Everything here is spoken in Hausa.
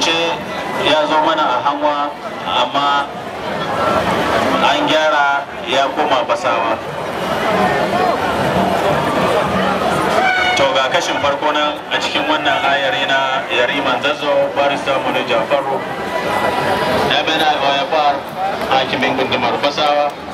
ce ya zo mana a hanwa amma an gyara ya koma basawa to ga kashin farko nan a cikin wannan ayar yana yariman zazzo barista mu da jafaru na bana ya hakimin gundumar fasa